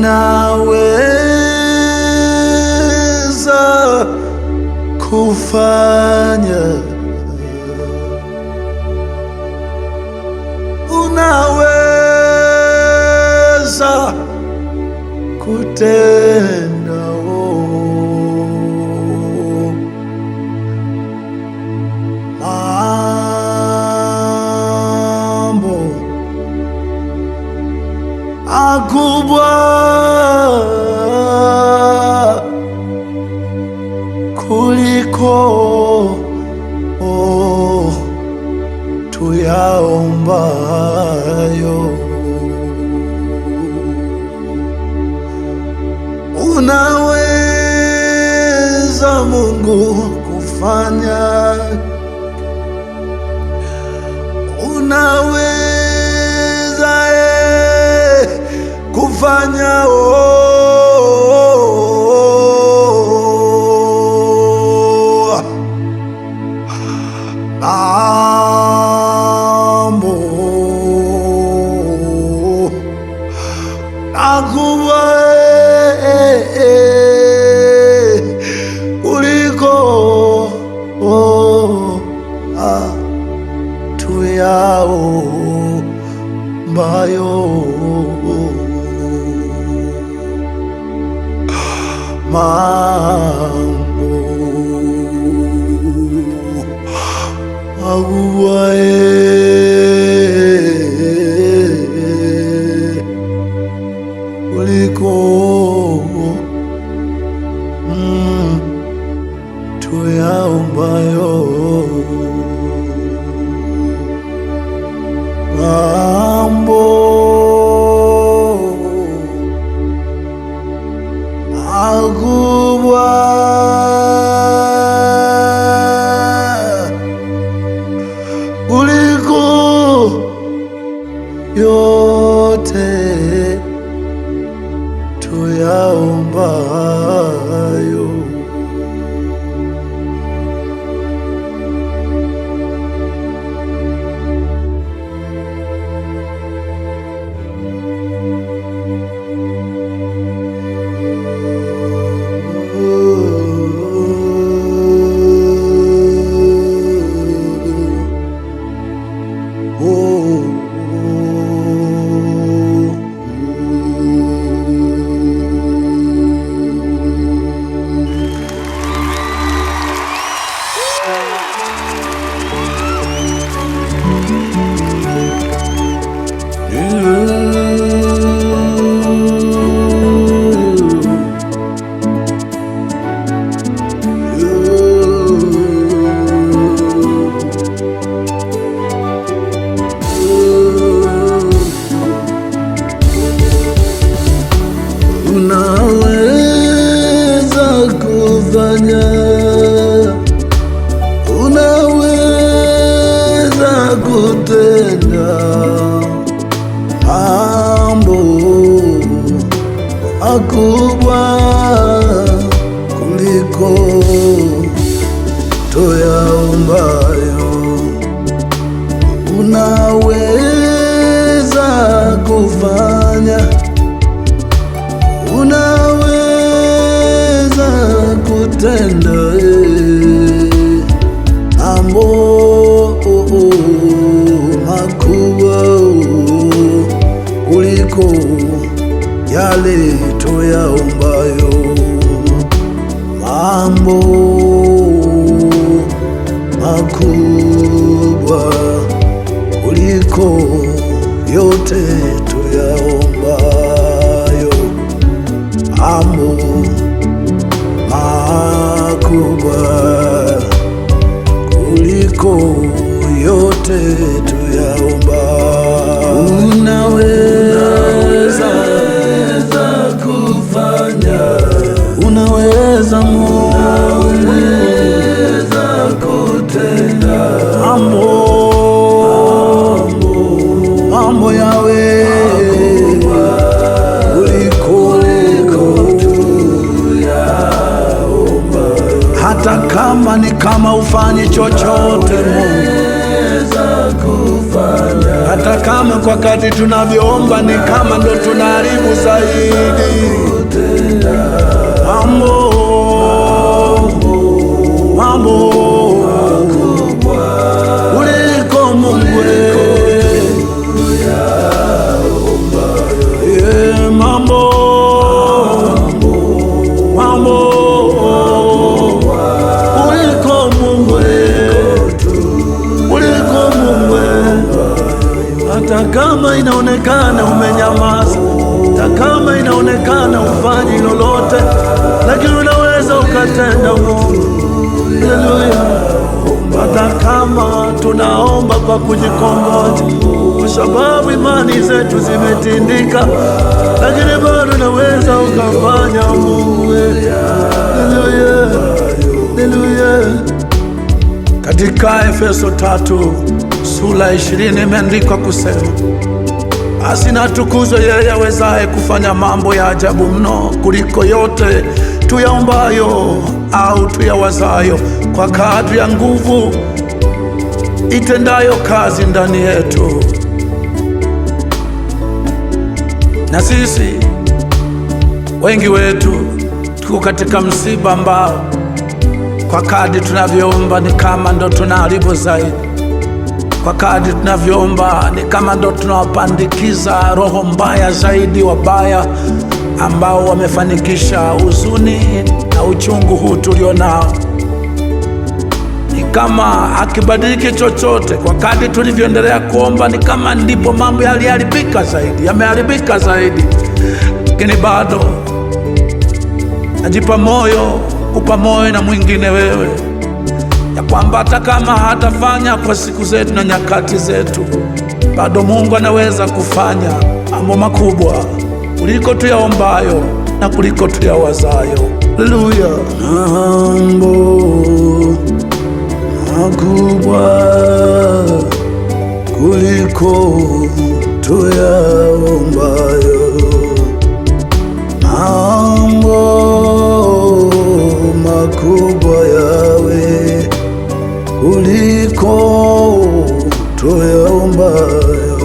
naweza kufanya, unaweza kutenda Oh, oh, tuyaombayo unaweza Mungu kufanya, unaweza eh, kufanya oh. aguwae day. akubwa kuliko toyaombayo. Unaweza kufanya, unaweza kutenda, eh, amo yale tuyaombayo mambo makubwa kuliko yote kama ni kama ufanye chochote Mungu, hata kama kwa kati tunavyoomba ni kama ndo tunaharibu zaidi mambo mambo kama inaonekana umenyamaza, hata kama inaonekana ufanyi lolote, lakini unaweza ukatenda Mungu. Haleluya! hata kama tunaomba kwa kujikongoja, kwa sababu imani zetu zimetindika, lakini bado unaweza ukafanya Mungu. Haleluya! Haleluya! katika Efeso tatu sura ishirini imeandikwa kusema, basi na tukuzwe yeye awezaye kufanya mambo ya ajabu mno kuliko yote tuyaombayo au tuyawazayo, kwa kadri ya nguvu itendayo kazi ndani yetu. Na sisi wengi wetu tuko katika msiba ambao kwa kadri tunavyoomba ni kama ndo tunaharibu zaidi. Kwa kadri tunavyoomba ni kama ndo tunawapandikiza roho mbaya zaidi, wabaya ambao wamefanikisha huzuni na uchungu huu tulionao. Ni kama akibadiliki chochote, kwa kadri tulivyoendelea kuomba, ni kama ndipo mambo yaliharibika zaidi, yameharibika zaidi. Lakini bado najipa moyo, kupa moyo na mwingine wewe kwamba hata kama hatafanya kwa siku zetu na nyakati zetu, bado Mungu anaweza kufanya mambo makubwa kuliko tuyaombayo na kuliko tuyawazayo. Haleluya! mambo makubwa kuliko tuyaombayo, mambo makubwa uliko tuyaombayo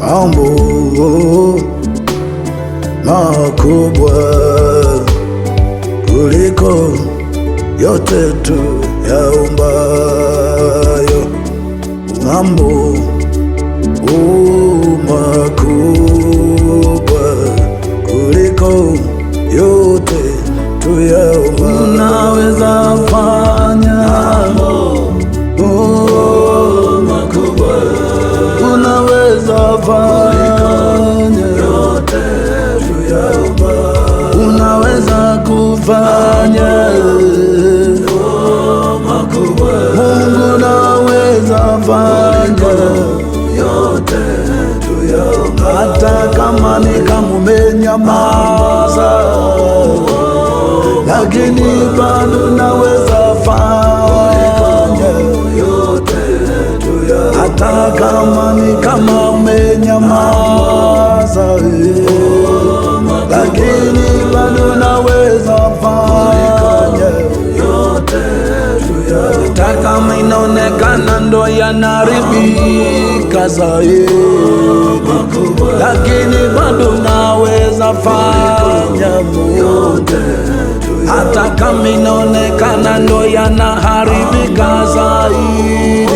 mambo makubwa kuliko yote tuyaombayo mambo fanya Mungu naweza fanya hata kama nikamumenya maza lakini yana zaidi, lakini bado naweza fanya muda, hata kama inaonekana ndo yanaharibika zaidi,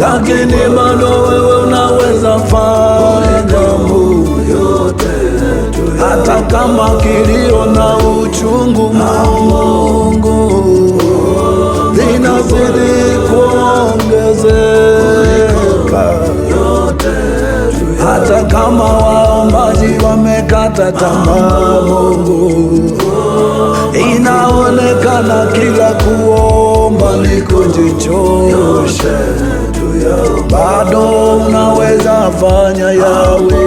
lakini bado wewe unaweza fanya muda, hata kama kilio na uchungu Mungu hata kama waombaji wamekata tamaa. Mungu, inaonekana kila kuomba ni kujichosha, bado unaweza fanya yawe,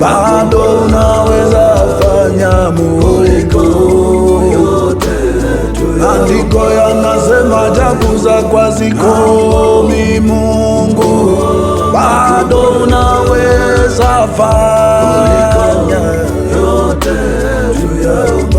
bado unaweza fanya Mungu. Andiko yana kuza kwa zikomi, Mungu bado unaweza fanya yote juu yangu